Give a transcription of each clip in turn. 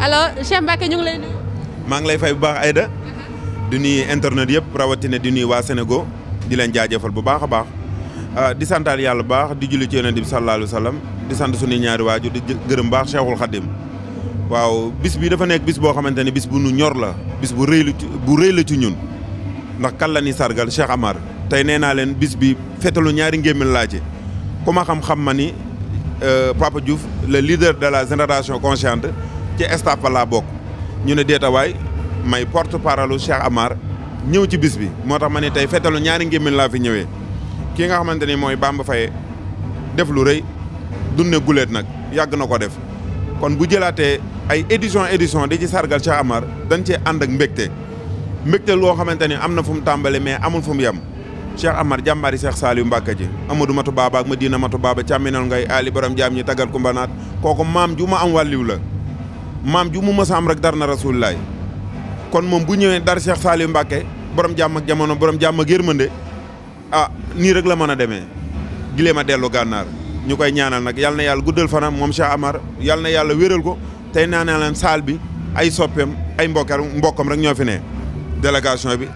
alors Cheikh Mbacke ñu ngi lay nuyu. maa ngi lay fay bu baax Aïda. di nuyu internet yëpp rawatina di nuyu waa Sénégal di leen jaajëfal bu baax a baax. Ah, di santaar yàlla bu baax di julli ci yonent bi sallallahu alayhi wa di sant suñu ñaari waajur di gërëm baax Cheikhul Khadim waaw bis bi dafa nekk bis boo xamante ne bis bu nu ñor la bis bu rëy la ci bu la ci ñun ndax kan la ni sargal Cheikh Amar tey nee naa leen bis bi fetalu ñaari ngémmil laa ci ku ma xam-xam ma ni euh, Papa Diouf le leader de la génération consciente ci estapa laa bokk ñu ne deetawaay may porte parole Cheikh Amar ñëw ci bis bi moo tax ma ne tey fetalu ñaari ngémmin laa fi ñëwee kii nga xamante ni mooy Bamba Faye def lu rëy dunne guleet nag yàgg na ko def kon bu jëlaatee ay édition édition di ci sargal Cheikh Amar dañ cee ànd ak mbégte mbégte loo xamante ni am na fu mu tàmbale mais amul fu mu yem Cheikh Amar jàmbaari Cheikh Saliou Mbacke ji Amadou Matou Baba ak Madina Matou Baba càmminal ngay Ali borom jaam ñi tagal kumbanaat kooku maam ju ma am wàlliw la maam ju mu mës a am rek dar na rasulilaay kon moom bu ñëwee dara Cheikh Saliou Mbacke boroom jàmm ak jamono boroom jàmm ak yërmande a ah, nii rek la mën a demee gileem a dellu gànnaar ñu koy ñaanal nag yal na yàlla guddal fanam moom Cheikh Amar yal na yàlla wéral ko tey naa ne leen saal bi ay soppeem ay mbokkam mbokkam rek ñoo fi ne délégation bi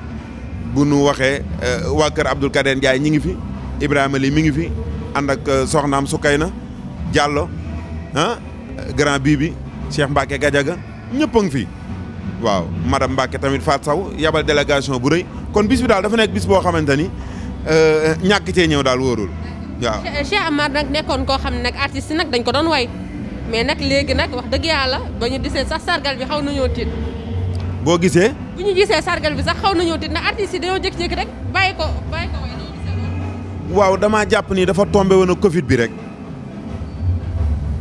bu nu waxee euh, waa kër Abdoul Kader Ndiaye ñi ngi fi Ibrahima li mi ngi fi ànd ak euh, soxnaam Soukayna Diallo ah grand bii bi Cheikh Mbacke Gadiaga ñëpp a ngi fi waaw madame Mbacke tamit Fatou saw yabal délégation bu rëy kon bis bi daal dafa nekk bis boo xamante ni euh, ñàkk cee ñëw daal wóorul waaw. Cheikh Amar nag nekkoon koo xam ne nag artistes yi nag dañ ko doon way mais nag léegi nag wax dëgg yàlla ba ñu gisee sax sargal bi xaw nañoo tiit. boo gisee. bu ñu gisee sargal bi sax xaw nañoo tiit nag artistes yi dañoo jékki-jékki rek bàyyi ko bàyyi ko waaw damaa jàpp ni dafa tombe woon ak Covid bi rek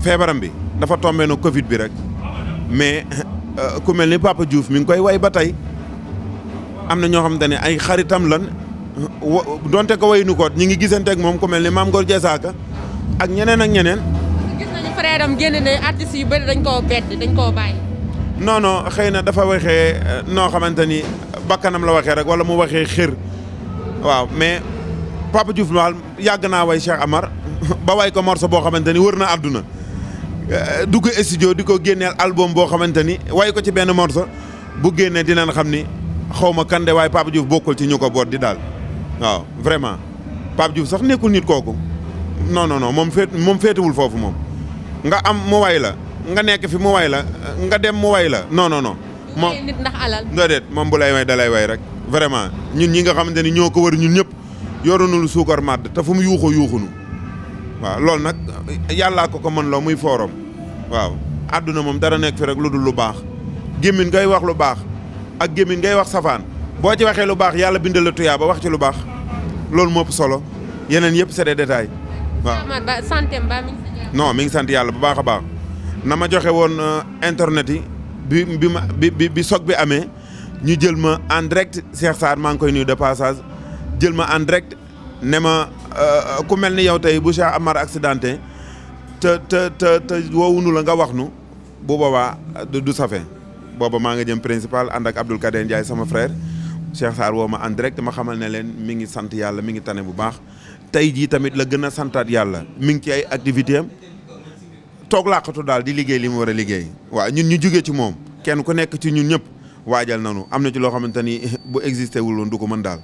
feebaram bi. dafa tombé na Covid bi rek mais euh, ku mel ni Papa Diouf mi ngi koy way ba tey am na ñoo xamante ni ay xaritam lan donte ko waynu ko ñu ngi gisanteeg moom ku mel ni Mame Gor Diazaka ak ñeneen ak ñeneen. gis nañu am dañ koo bett xëy na dafa waxee euh, noo xamante ni bakkanam la waxee rek wala mu waxee xër waaw mais Papa Diouf daal yàgg naa way Cheikh Amar ba way ko morceau boo xamante ni wër na àdduna. Euh, du ko studio di ko génneel album boo xamante ni way ko ci benn morso bu génnee dinañ xam ni xaw ma kan de waaye Pape Diouf bokkul ci ñu ko boot di daal waaw vraiment Pape Diouf sax nekkul nit kooku non non moom féet moom féetewul foofu moom nga am mu way la nga nekk fi mu way la nga dem mu way la non non non. moom nit ndax moom bu lay way dalay way rek vraiment ñun ñi nga xamante ni ñoo ko wër ñun ñëpp yorunul suukar màdd te fu mu yuuxoo yuuxunu waaw loolu nag yàllaa ko ko mën loo muy foorom waaw àdduna moom dara nekk fi rek lu dul lu baax gémmiñ ngay wax lu baax ak gémmiñ ngay wax safaan boo ci waxee lu baax yàlla bindal la tuyaa ba wax ci lu baax loolu moo ëpp solo yeneen yëpp c'est des détails waaw mi ngi sant yàlla bu baax a baax na ma joxe woon euh, internet yi bi bi ma bi bi soog bi amee ñu jël ma en direct Cheikh Sarr maa ngi koy nuyu de passage jël ma en direct ne ma Euh, ku mel ni yow tey bu Cheikh Amar accidenté te te te te woowunu la nga wax nu bu boobaa du safe booba maa nga jëm principal ànd ak Abdoul Kader Ndiaye sama frère Cheikh Sarr woo ma en direct ma xamal ne leen mi ngi sant yàlla mi ngi tane bu baax tey jii tamit la gën a santaat yàlla mi ngi ci ay activité am toog làqatu daal di liggéey li mu war a liggéey waa ñun ñu jugee ci moom kenn ku nekk ci ñun ñëpp waajal nañu am na ci loo xamante ni bu existé wul du ko mën daal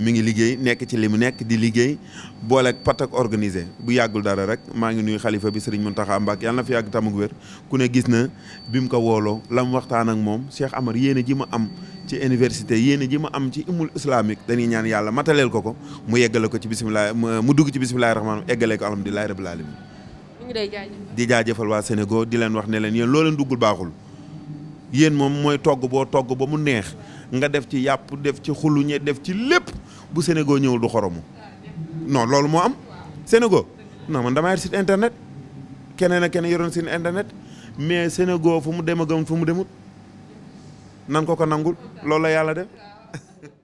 mi ngi liggéey nekk ci li mu nekk di liggéey booleeg patak organisé bu yàggul dara rek maa ngi nuyu xalifa bi Serigne Mountakha Mbacké yàlla na fi yàgg tamug wér ku ne gis na bi mu ko wooloo la waxtaan ak moom Cheikh Amar yéene ji ma am ci université yéene ji ma am ci umul islamique dañuy ñaan yàlla mataleel ko ko mu yeggale ko ci bisimilah mu dugg ci bisimilahi rahmaan eggalee ko alhamdulilahi rabbil alamin di jaajëfal waa Sénégal di leen wax ne leen yéen loo leen baaxul yéen moom mooy togg boo togg ba mu neex nga def ci yàpp def ci xuluñe def ci lépp bu Sénégo ñëwul du xoromu non loolu moo am Sénégo non man damaa yor site internet keneen ak keneen yoroon site internet mais Sénégo fu mu dem a gëm fu mu demut nan ko ko nangul loolu la yàlla dem